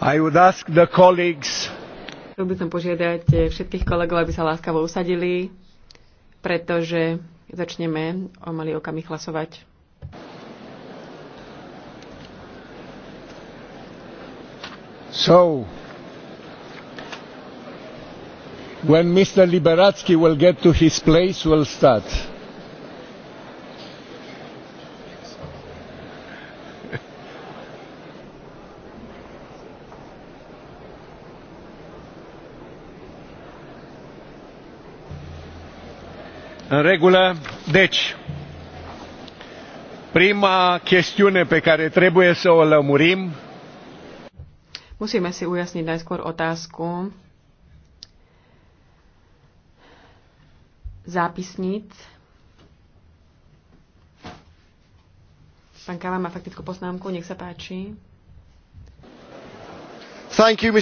I would ask the colleagues. Chcel by som požiadať eh, všetkých kolegov, aby sa láskavo usadili, pretože začneme o malý okamih hlasovať. So, when Mr. Liberatsky will get to his place, we'll start. În regulă. Deci, prima chestiune pe care trebuie să o lămurim. Musíme si ujasniť najskôr otázku zápisníc. Pán Kava má faktickú poznámku, nech sa páči. Thank You,